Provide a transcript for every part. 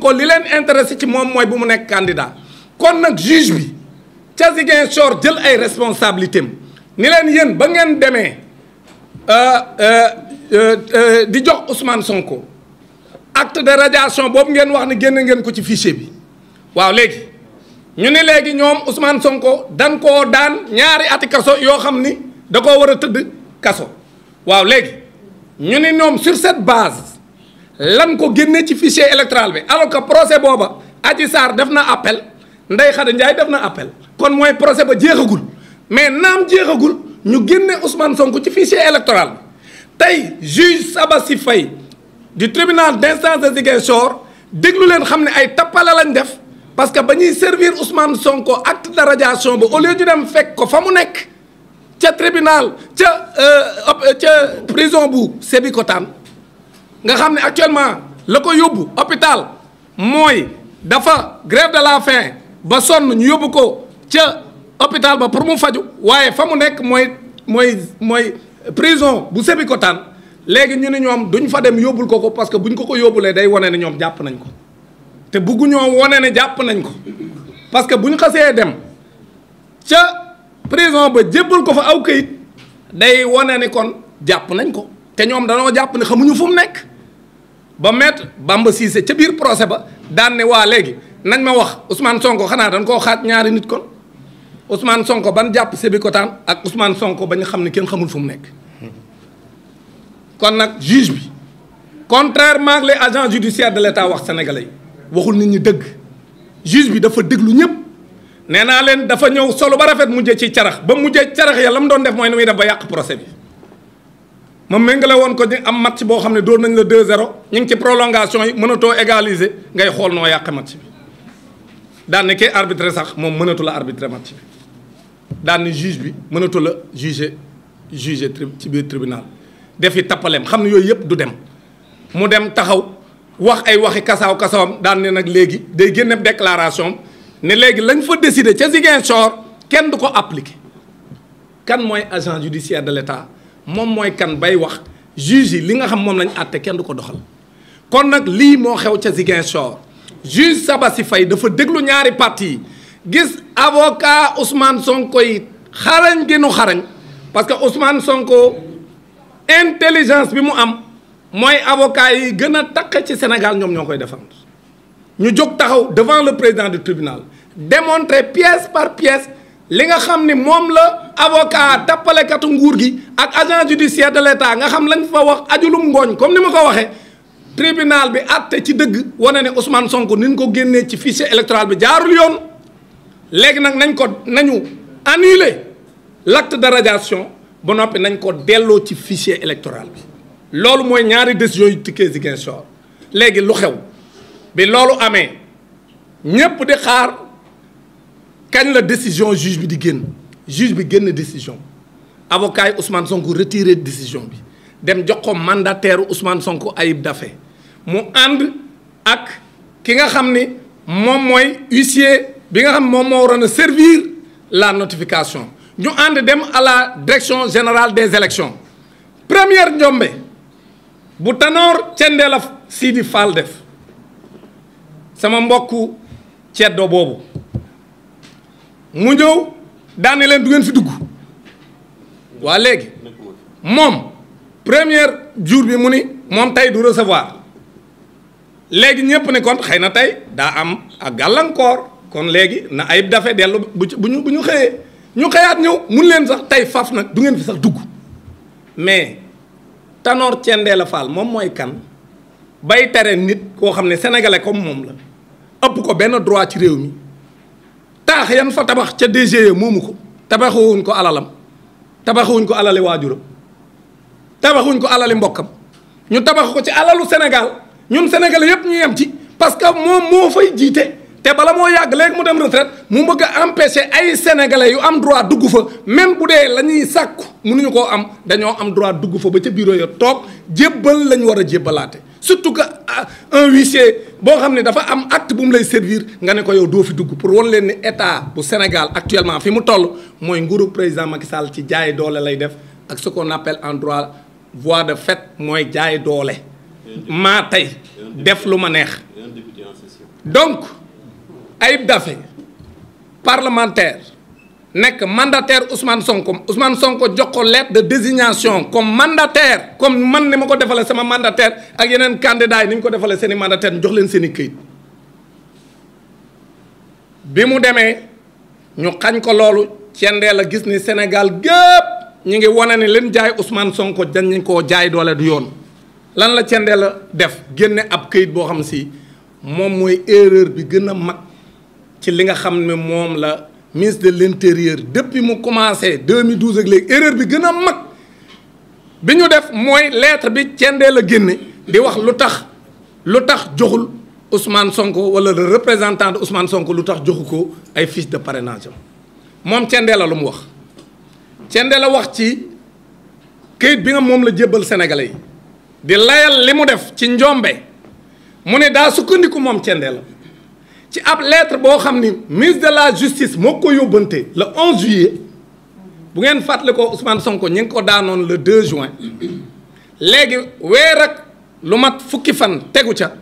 Sonko li leen intéressé ci moom mooy bu mu nekk candidat kon nag juge bi ca Ziguinchor jël ay responsabilités am ni leen yéen ba ngeen demee euh, euh, euh, di jox Ousmane Sonko acte de radiation boobu ngeen wax ne génn ngeen ko ci fichier bi waaw léegi ñu ne léegi ñoom Ousmane Sonko dan ko daan ñaari ati kaso yoo xam ni da koo war a tëdd kaso waaw léegi ñu ne ñoom sur cette base. lan ko génne ci fichier électoral bi alors que procès booba Adji Sarr def na appel Ndeye Khady Ndiaye def na appel kon mooy procès ba jeexagul mais naam jeexagul ñu génne Ousmane Sonko ci fichier électoral bi tey juge Sabassi fay du tribunal d'instance de Ziguinchor déglu leen xam ne ay tappale lañ def parce que ba ñuy servir Ousmane Sonko acte de ba au lieu ñu dem fekk ko fa mu nekk ca tribunal ca euh, ca prison bu Sébikotane nga xam ne actuellement la ko yóbbu hôpital mooy dafa grève de la faim ba sonn ñu yóbbu ko ca hôpital ba pour mu faju waaye fa mu nekk mooy mooy mooy prison bu ko Sébikotane léegi ñu ne ñoom duñ fa dem yóbbul ko ko parce que ñu ko ko yóbbulee day wane ne ñoom jàpp nañ ko te buggu ñoo wane ne jàpp nañ ko parce que buñ xasee dem ca prison ba jébbal ko fa aw kayit day wane ne kon jàpp nañ ko te ñoom danoo jàpp ne xamuñu fu mu nekk ba mettre Bamba siise ca biir procès ba daan ne waa léegi nañ ma wax Ousmane Sonko xanaa danga koo xaaj ñaari nit kon Ousmane Sonko ban jàpp Sébikotane ak Ousmane Sonko ba ñu xam ne kenn xamul fu mu nekk. kon nag juge bi contrairement ak agent agents judiciaires de l'État wax sénégalais yi waxul nit ñi dëgg juge bi dafa déglu ñëpp nee naa leen dafa ñëw solo ba rafet mujjee ci carax ba mujjee carax ya la mu doon def mooy ni muy def ba yàq procès bi. ma méngale woon ko ñu am match boo xam ne dóor nañ la deux 0 ñu ngi ci prolongation yi mënatoo égaliser ngay xool noo yàqe match bi daan ne kee arbitré sax moom mënatu la arbitré match bi daan ne juge bi mënatu la juger juger ci biir tribunal defi tappaleem xam ne yooyu yëpp du dem mu dem taxaw wax ay waxi kasaaw kasaawam daan ne nag léegi day génne déclaration ne léegi lañ fa décider ca Ziguinchor kenn du ko appliquer kan mooy agent judiciaire de l'État moom mooy kan bay wax juge yi li nga xam moom lañ àtte kenn du ko doxal kon nag lii moo xew ca Ziguinchor juge si fay dafa déglu ñaari parti yi gis avocat Ousmane Sonko xarañ gi nu parce que Ousmane Sonko intelligence bi mu am mooy avocat yi gën a taq ci Sénégal ñoom ñoo koy défendre ñu jóg taxaw devant le président du tribunal démontrer pièce par pièce li nga xam ni moom la avocat tappalekatu nguur gi ak agent judiciaire de l'état nga xam lañ fa wax ajulum ngooñ comme ni ma ko waxee tribunal bi àtte ci dëgg wane ne Ousmane Sonko ni ñu ko génnee ci fichier électoral bi jaarul yoon léegi nag nañ ko nañu annuler l'acte de radiation ba noppi nañ ko delloo ci fichier électoral bi loolu mooy ñaari décisions yu tikkee Ziguinchor léegi lu xew bi loolu amee ñépp di xaar kañ la décision juge bi di génn juge bi génn décision avocat yi Ousmane Sonko retiré décision bi dem jox ko mandataire Ousmane Sonko Ayib dafe mu ànd ak ki nga xam ni moom mooy huissier bi nga xam moom moo waroon a la notification ñu ànd dem à la direction général des élections première njombe bu Tanor Thiendella Sidi Fall def sama mbokk ceddo boobu mu ñëw daane leen du ngeen fi dugg waa léegi moom première jour bi mu ni moom tey du recevoir léegi ñëpp ne kon xëy na tey daa am ak gàllankoor kon léegi na ayib dafe dellu bu ñu bu ñu xëyee ñu xëyaat ñëw mun leen sax tey faf nag du ngeen fi sax dugg mais Tanor Thiendella Fall moom mooy kan bay tere nit koo xam ne sénégalais comme moom la ëpp ko benn droit ci réew mi taax yan fa tabax ca DGE moomu ko tabaxuwuñ ko alalam tabaxuwuñ ko alali waajuram tabaxuñ ko alali mbokkam ñu tabax ko ci alalu Sénégal ñun Sénégal yëpp ñu yam ci parce que moom moo fay jiite te bala moo yàgg léegi mu dem retraite mu bëgg a ay sénégalais yu am droit dugg fa même bu dee la ñuy sàkku mënuñu koo am dañoo am droit dugg fa ba ca bureau ya toog jébbal la ñu war a jébbalaate surtout que ah, un boo xam ne dafa am acte bu mu lay servir nga ne ko yow doo fi dugg pour wan leen ni état bu Sénégal actuellement fi mu toll mooy nguuru président Macky Sall ci jaay doole lay def ak ce ko appelle en droit voie de fait mooy jaay doole. maa tey def lu ma neex. donc Ayib Daffé parlementaire. nekk mandataire Ousmane Sonko Ousmane Sonko jox ko lettre de désignation comme mandataire comme man ni ma ko defalee sama mandateer ak yeneen candidats yi ni ñu ko defalee seeni i mandataire ñu jox leen seen këyit bi mu demee ñu xañ ko loolu cendee la gis ni Sénégal gépp ñu ngi wane ni leen jaay Ousmane Sonko dañ koo jaay doole du yoon lan la cendee la def génne ab këyit boo xam si moom mooy erreur bi gën a mag ci li nga xam ne moom la ministre de l'intérieur depuis mu commencé 2012 ak léegi erreur bi gën a mag bi ñu def mooy lettre bi cendee a génne di wax lu tax lu tax joxul Ousmane Sonko wala le représentant de Sonko lu tax joxu ko ay fiche de parrainage moom cendee la lu mu wax cendee a wax ci kayit bi nga moom la jébbal sénégalais yi di layal li mu def ci njombe mu ne daa sukkandiku moom cendeel la ci ab lettre boo xam ni ministre de la justice moo ko yóbbante la 11 juillet bu ngeen fàttali koo usman Sonko ñu ngi ko daanoon le 2 juin léegi weer ak lu mat fukki fan tegu ca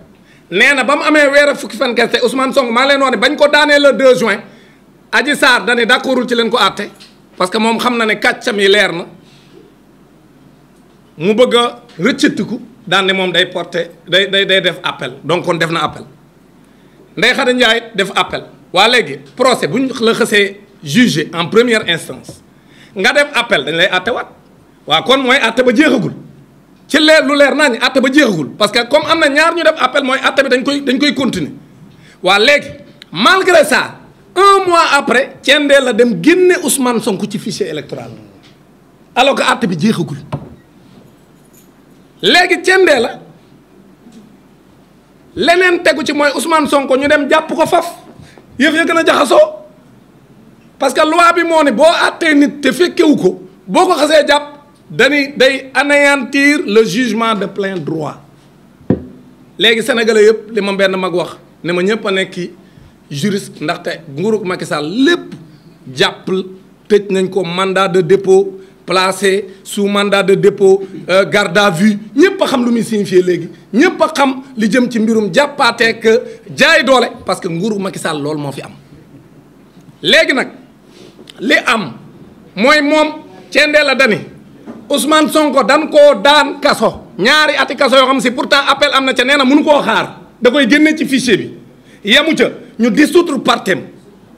nee na ba mu amee weer ak fukki fan kese Ousmane Sonko maa leen wax ne bañ ko daanee le 2 juin Adji Sarr dani d'accordul ci leen ko àtte parce que moom xam na ne kàccam yi leer na mu bëgg a rëccatiku daan moom day porter day day day def appel donc kon def na appel. Ndeye Khady Ndiaye def appel waa léegi procès bu ñu la xësee jugé en première instance nga def appel dañ lay attewaat waa kon mooy atte ba jeexagul ci leer lu leer naa ñu atte ba jeexagul parce que comme am na ñaar ñu def appel mooy atte bi dañ koy dañ koy continuer waa léegi malgré ça un mois après Thiendella la dem génne Ousmane sonk ci fichier électoral alors que atte bi jeexagul léegi Thiendella la. leneen tegu ci mooy Ousmane Sonko ñu dem jàpp ko faf yëf ya gën jaxasoo parce que loi bi moo ne boo àttee nit te fekkewu ko boo ko xasee jàpp dañuy day anéantir le jugement de plein droit léegi sénégalais yëpp li ma benn mag wax ne ma ñëpp a nekki juriste ndaxte nguurug Macky Sall lépp jàpp tëj nañ ko mandat de dépôt placé sous mandat de dépôt euh, garde à vue ñëpp a xam lu muy signifié léegi ñëpp a xam li jëm ci mbirum jàppaatee euh, que jaay doole parce que nguuru Macky Sall loolu moo fi am léegi nag li am mooy moom Thiendella la dani Ousmane Sonko dan koo daan kaso ñaari ati kaso yoo xam si pourtant appel am na ca nee munu mënu koo xaar da koy génne ci fichier bi yemu ca ñu dissoudre partem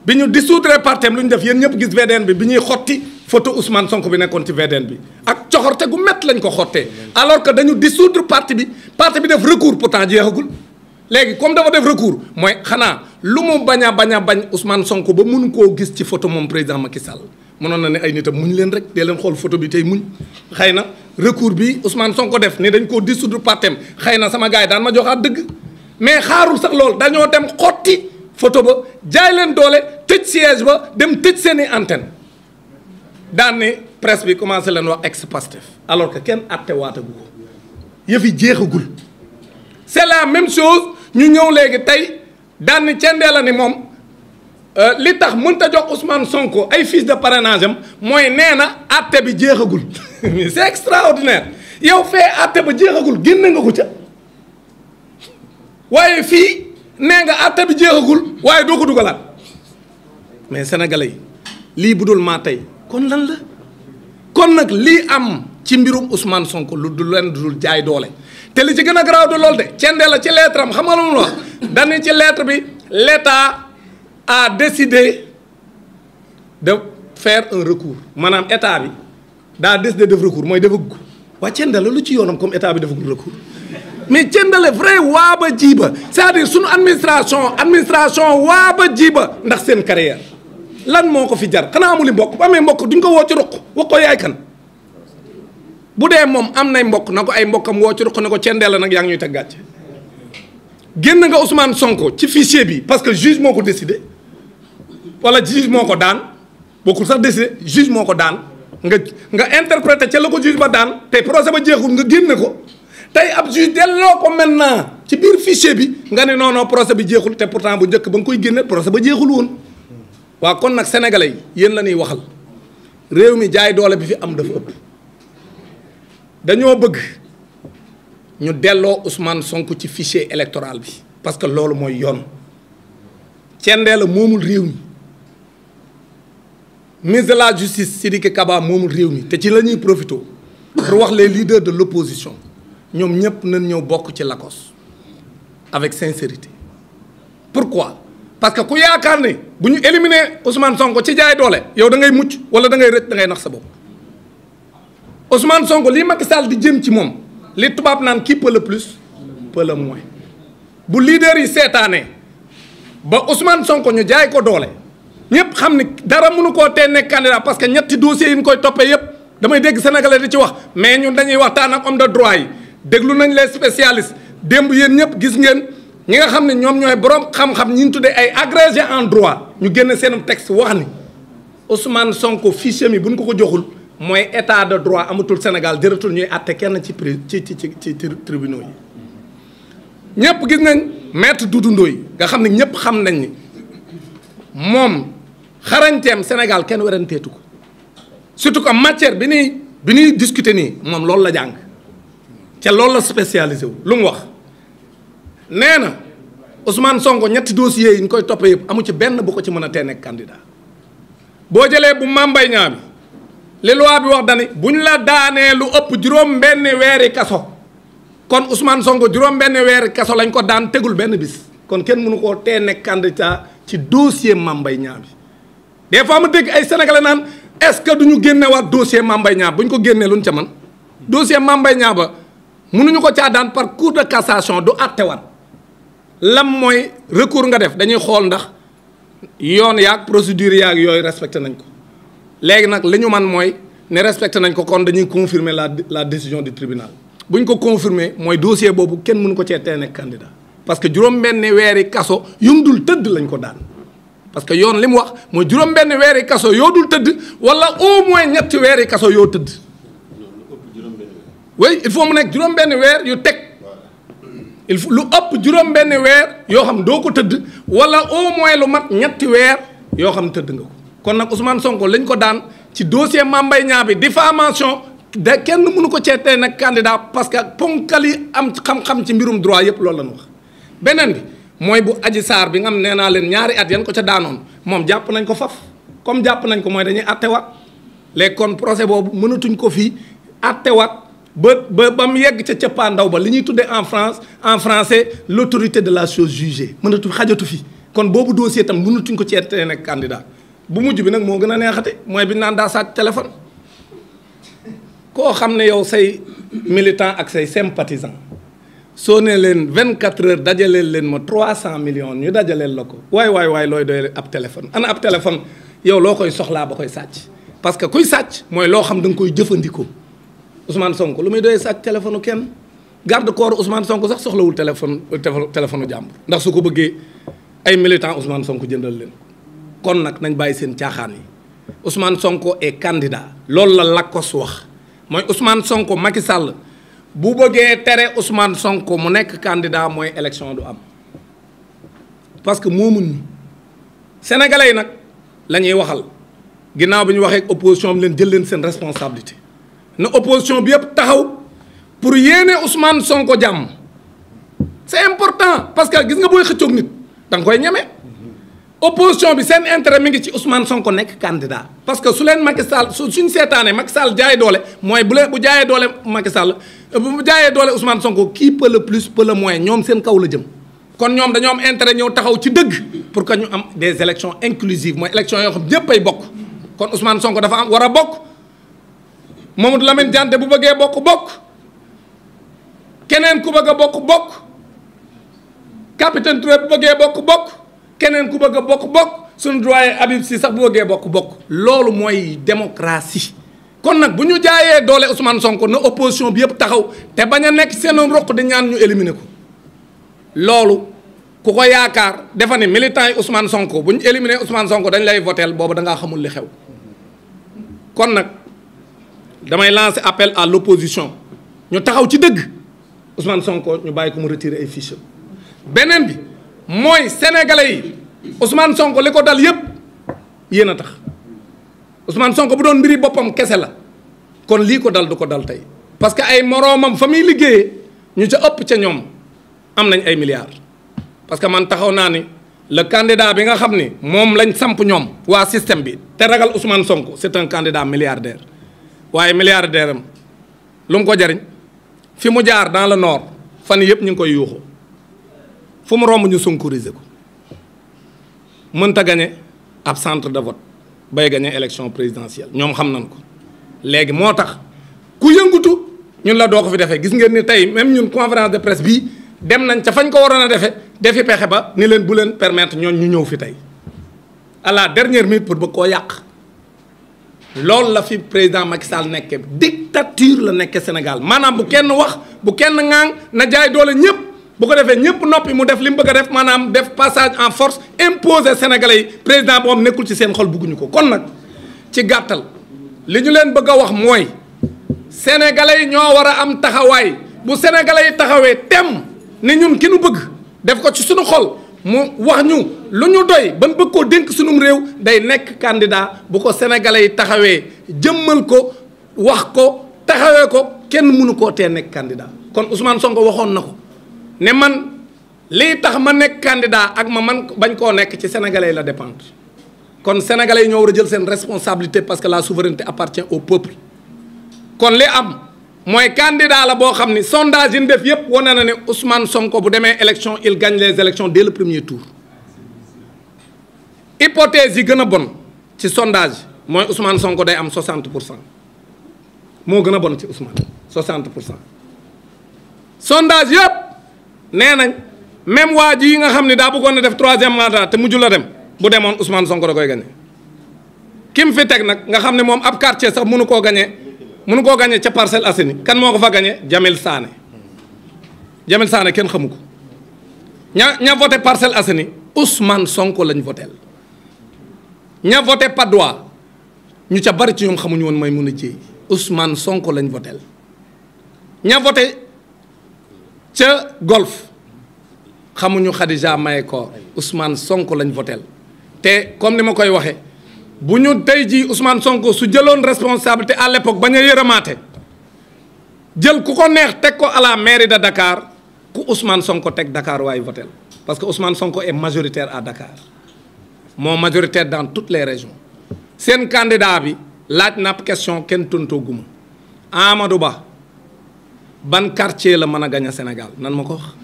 bi ñu dissoudre partem lu ñu def yéen ñëpp gis VDN bi bi ñuy xotti photo Ousmane Sonko bi nekkoon ci VDN bi ak coxorte gu métt lañ ko xottee alors que dañu dissoudre parti bi parti bi def recours pourtant jeexagul léegi comme dafa def recours mooy xanaa lu mu bañ a bañ a bañ Ousmane Sonko ba mënu koo gis ci photo moom président Macky Sall mënoon na ne ay nitam muñ leen rek dee leen xool photo bi tey muñ xëy na recours bi Ousmane Sonko def ni dañ koo dissoudre partem xëy na sama gars yi daan ma joxaat dëgg mais xaarul sax loolu dañoo dem xotti photo ba jaay leen doole tëj siège ba dem tëj seeni antenne daan ne presse bi commencé leen wax ex-Pastef alors que kenn àtte waatagu ko yëfi jeexagul c'est la même chose ñu ñëw léegi tey daan ne cendee la ni moom euh, li tax mënta jox Ousmane Sonko ay fiches de parrainage am mooy nee na àtte bi jeexagul c'est extraordinaire yow fee àtte ba jeexagul génn nga ko ca waaye fii nee nga àtte bi jeexagul waaye doo ko dugalaat mais sénégalais yi lii budul maa tey. kon lan la kon nag lii am ci mbirum Ousmane sonk lu du leen dul jaay doole te li ci gën a garaaw de loolu de cende la ci lettre am xam nga lu mu ci lettre bi l'État a décidé de faire un recours maanaam état bi daa décidé def recours mooy defagul ko waa la lu ci yoonam comme état bi defagul recours mais cendale vrai waaba jiiba c'est-à-dire sunu administration administration ba jiiba ndax seen carrière lan moo ko fi jar xanaa amuli mbokk bu amee mbokk duñ ko woo ci ruq wax ko yaay kan bu dee moom am nay mbokk na ko ay mbokkam woo ci ruq ne ko cendee la nag yaa ngi ñuy teg gàcce génn nga Ousmane Sonko ci fichier bi parce que juge moo ko décidé wala juge moo ko daan bokkul sax décidé juge moo ko daan nga nga interprété ca la ko juge ba daan te procès ba jeexul nga génn ko tey ab juge delloo ko maintenant ci biir fichier bi nga ne non non procès bi te pourtant bu njëkk ba nga koy génne procès ba jeexul woon. waaw kon nag sénégalais yi yéen la ñuy waxal réew mi jaay doole bi fi am dafa ëpp dañoo bëgg ñu delloo Ousmane sonk ci fichier électoral bi parce que loolu mooy yoon cendee la moomul réew mi ministre de la justice Sidiki Kaba moomul réew mi te ci la ñuy profité pour wax les leaders de l'opposition ñoom ñëpp nañ ñëw bokk ci lakos avec sincérité pourquoi parce que ku yaakaar ni bu ñu éliminer Ousmane Sonko ci jaay doole yow dangay ngay mucc wala da ngay rëcc da nax sa bopp Ousmane Sonko lii Macky Sall di jëm ci moom li tubaab naan qui peut le plus peut le moins bu leader yi seetaanee ba Ousmane Sonko ñu jaay ko doole ñëpp xam ni dara mënu koo tee nekk candidat parce que ñetti dossiers yi ñu koy toppee yëpp damay dégg sénégalais di ci wax mais ñun dañuy waxtaan ak homme de droit yi déglu nañ les spécialistes démb yéen ñëpp gis ngeen. ñi nga xam ne ñoom ñooy borom xam-xam ñi ñu tuddee ay agrégé en droit ñu génn seen texte wax ni Ousmane Sonko fichier mi bu ñu ko ko joxul mooy état de droit amatul Sénégal jëratul ñuy àtte kenn ci prix ci ci ci ci tribunaux yi. ñëpp gis nañ maître Doudou Ndoye nga xam ne ñëpp xam nañ ni moom xarañteem Sénégal kenn weranteetu ko surtout que matière bi ñuy bi ñuy discuté nii moom loolu la jàng ca loolu la spécialisé wu lu mu wax. nee na Ousmane Sonko ñetti dossiers yi ñu koy toppee yëpp amu ci benn bu ko ci mën a tee nekk boo jëlee bu mambay ñaa bi li loi bi wax dani bu ñu la daanee lu ëpp juróom benn weeri kaso kon Ousmane Sonko juróom benn weeri kaso lañ ko daan tegul benn bis kon kenn mënu koo tee nekk candidat ci dossier mambay ñaa bi des fois mu dégg ay sénégalais naan est-ce que du ñu génnewaat dossier mambay ñaa bu ñu ko génnee luñ ca man dossier mambay ñaa ba mënuñu ko ca daan par cour de cassation du àttewaat lam mooy recours nga def dañuy xool ndax yoon ak procédure yaag yooyu respecté nañ ko léegi nag li ñu man mooy ne respecté nañ ko kon dañuy confirmer la la décision du tribunal bu ñu ko confirmer mooy dossier boobu kenn mënu ko cee tee nekk candidat parce que juróom-benni weeri kaso yum dul tëdd lañ ko daan parce que yoon li mu wax mooy juróom-benni weeri kaso yoo dul tëdd wala au moins ñetti weeri kaso yoo tëdd oui il faut mu nekk juróom-benni weer yu teg il lu ëpp juróom-benn weer yoo xam doo ko tëdd wala au moins lu mat ñetti weer yoo xam tëdd nga ko kon nag Ousmane Sonko lañ ko daan ci dossier Mame Mbaye Niang bi diffamation de kenn munu ko ceetee nag candidat parce que ponkal yi am xam-xam ci mbirum droit yëpp loolu la ñu wax. beneen bi mooy bu Adji saar bi nga xam nee naa leen ñaari at yan ko ca daanoon moom jàpp nañ ko faf comme jàpp nañ ko mooy dañuy attewaat léegi kon procès boobu mënatuñ ko fii attewaat. ba ba ba mu yegg ca cappaandaw ba li ñuy tuddee en France en français l' de la chose jugée mënatu xajatu fi kon boobu dossier tam tuñ ko ci tee nekk bu mujj bi nag moo gën a neexate mooy bi naan daa sàcc téléphone koo xam ne yow say militant ak say sympathisant soo nee leen vingt quatre heures dajaleel leen ma trois cent millions ñu dajaleel la ko waay waay waaye looy doy ab téléphone ana ab téléphone yow loo koy soxlaa ba koy sàcc parce que kuy sàcc mooy loo xam da nga koy jëfandikoo Ousmane Sonko lu muy dee sàcc téléphone kenn garde corps Ousmane Sonko sax soxlawul téléphone téléphone jàmbur ndax su ko bëggee ay militant Ousmane Sonko jëndal leen kon nag nañ bàyyi seen caaxaan yi Ousmane Sonko est candidat loolu la Lacoste wax mooy Ousmane Sonko Macky Sall bu bëggee tere Ousmane Sonko mu nekk candidat mooy élection du am parce que moomuñ ñu yi nag lañuy waxal ginnaaw bi ñu waxee opposition bi leen jël leen seen responsabilité na opposition bi yëpp taxaw pour yéene Ousmane Sonko jàmm c'est important parce que gis nga booy xëccoog nit da nga koy ñeme. opposition bi seen intérêt mi ngi ci Ousmane Sonko nekk candidat parce que su leen Macky Sall su suñ seetaanee Macky Sall jaay doole mooy bu leen bu jaayee doole Macky Sall euh, bu jaayee doole Ousmane Sonko qui peut le plus peut le moins ñoom seen kaw la jëm. kon ñoom dañoo am intérêt ñëw taxaw ci dëgg pour que ñu am des élections inclusives mooy élections yoo xam ñëpp ay bokk kon Ousmane Sonko dafa am war a bokk. moom Lamine Diante bu bëggee bokk bokk keneen ku bëgg a bokk bokk capitaine Touré bu bëggee bokk bokk keneen ku bëgg a bokk bokk suñu doyen Habib Sy sax bu bëggee bokk bokk. loolu mooy démocratie kon nag bu ñu jaayee doole Ousmane Sonko na opposition bi yëpp taxaw te bañ a nekk seen roq di ñaan ñu éliminer ko loolu ku ko yaakaar dafa ne militant yi Ousmane Sonko bu ñu éliminer Ousmane Sonko dañ lay votel boobu da ngaa xamul li xew kon nag. damay lancer appel à l'opposition ñu taxaw ci dëgg Ousmane Sonko ñu bàyyi ko mu retirer ay fiches beneen bi mooy sénégalais yi Ousmane Sonko li ko dal yépp yéen a tax Ousmane Sonko bu doon mbiri boppam kese la kon lii ko dal du ko dal tey parce que ay moroomam fa muy liggéeyee ñu ca ëpp ca ñoom am nañ ay milliards parce que man taxaw naa ni le candidat bi nga xam ni moom lañ samp ñoom waa système bi te ragal Ousmane Sonko c'est un candidat milliardaire waaye milliardaire am lu mu ko jariñ fi mu jaar dans le nord fan yëpp ñu ngi koy yuuxu fu mu romb ñu sonkoriser ko mënta gañe ab centre de vote bay gañe élection présidentielle ñoom xam nañ ko léegi moo tax ku yëngutu ñun la doo ko fi defee gis ngeen ni tey même ñun conférence de presse bii dem nañ ca fañ ko waroon a defee defi pexe ba ni leen bu leen permettre ñoon ñu ñëw fi tey à la dernière minute pour bëgg koo yàq loolu la fi président Macky Sall nekke dictature la nekke Sénégal maanaam bu kenn wax bu kenn ŋaang na jaay doole ñëpp bu ko defee ñëpp noppi mu def li mu bëgg def maanaam def passage en force imposer Sénégalais yi président boobu nekkul ci seen xol bugguñu ko kon nag ci gàttal li ñu leen bëgg a wax mooy sénégalais yi ñoo war a am taxawaay bu sénégalais yi taxawee tem ni ñun ki nu bëgg def ko ci suñu xol mu wax ñu lu ñu doy ban bëgg koo dénk sunum réew day nekk candidat bu ko sénégalais yi taxawee jëmmal ko wax ko taxawee ko kenn mënu koo tee nekk candidat kon Ousmane Sonko waxoon na ko ne man lii tax ma nekk candidat ak ma man bañ koo nekk ci sénégalais yi la dépendre kon sénégalais yi ñoo war a jël seen responsabilité parce que la souveraineté appartient au peuple kon li am mooy candidat la boo xam ni sondage yi ñu def yépp wane na ne Ousmane Sonko bu demee élection il gagne les élections dès le premier tour hypothèse yi gën a bon ci sondage mooy Ousmane Sonko day am 60 pour cent moo gën a bon ci Ousmane 60 pour cent sondage yépp nee nañ même waa ji yi nga xam ne daa bëggoon a def troisième a te mujj la dem bu demoon Ousmane Sonko da koy gagné. kim fi teg nag nga xam ne moom ab quartier sax mënu koo gagné. mënu koo gagné ca parcelle Assainies kan moo ko fa gagné Jamil Sané Jamil Sané kenn xamu ko ña ña voté Parcelles Assainies Ousmane Sonko lañ voté ña voté Patte ñu ca bari ci ñoom xamuñu woon may mun a jéey Ousmane Sonko lañ voté ña ca Golf xamuñu Khadija Mahécor Ousmane Sonko lañ voté te comme ni ma koy waxee. bu ñu tey jii Ousmane Sonko su jëloon responsabilité à l'époque bañ a yërëmaate jël ku ko neex teg ko à la mairie de dakaar ku Ousmane Sonko teg Dakar waayu votel parce que Ousmane Sonko et majoritaire à Dakar moo majoritaire dans toutes les régions seen candidat bi laaj na question kenn tontoo guma Ba ban quartier la mën a gañ Sénégal nan ma ko wax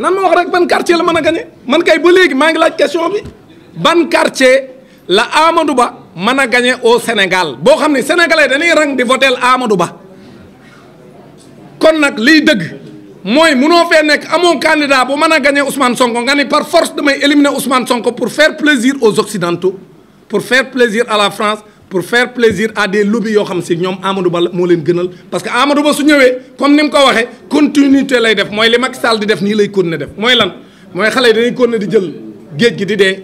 nan ma wax rek ban quartier la mën a gañe man kay ba léegi maa ngi laaj question bi ban quartier la Amadou Ba mën a gañe au Sénégal boo xam ne sénégalais dañuy rang di votel amadu Ba kon nag liy dëgg mooy munoo fee nekk amoo candidat bu mën a gagné Ousmane Sonko nga ni par force damay éliminer Ousmane Sonko pour faire plaisir aux Occidentaux pour faire plaisir à la France pour faire plaisir à des lobbies yoo xam si ñoom amadu Ba moo leen gënal parce que Amadou Ba su ñëwee comme ni mu ko waxee continuité lay def mooy li Macky Sall di def nii lay continuer def mooy lan mooy xale yi dañuy continuer di jël géej gi di dee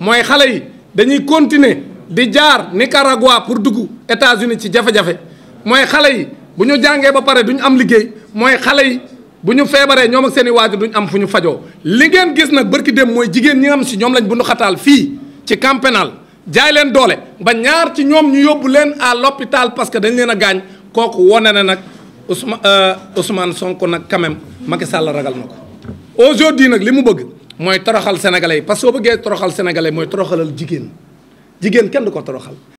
mooy xale yi. dañuy continuer di jaar Nicaragua pour dugg États-Unis ci jafe-jafe mooy xale yi bu ñu jàngee ba pare duñ am liggéey mooy xale yi bu ñu feebaree ñoom ak seen i waajur duñ am fu ñu fajoo li ngeen gis nag barki dem mooy jigéen ñi am si ñoom lañ bundu xataal fii ci camp jaay leen doole ba ñaar ci ñoom ñu yóbbu leen à l'hôpital parce que dañ leen a gaañ kooku wone na nag Ousmane euh, Ousmane Sonko nag quand même Macky ragal na ko aujourd'hui nag li mu bëgg mooy toroxal sénégalais yi parce que soo bëggee toroxal sénégalais mooy toroxalal jigéen jigéen kenn du ko toroxal.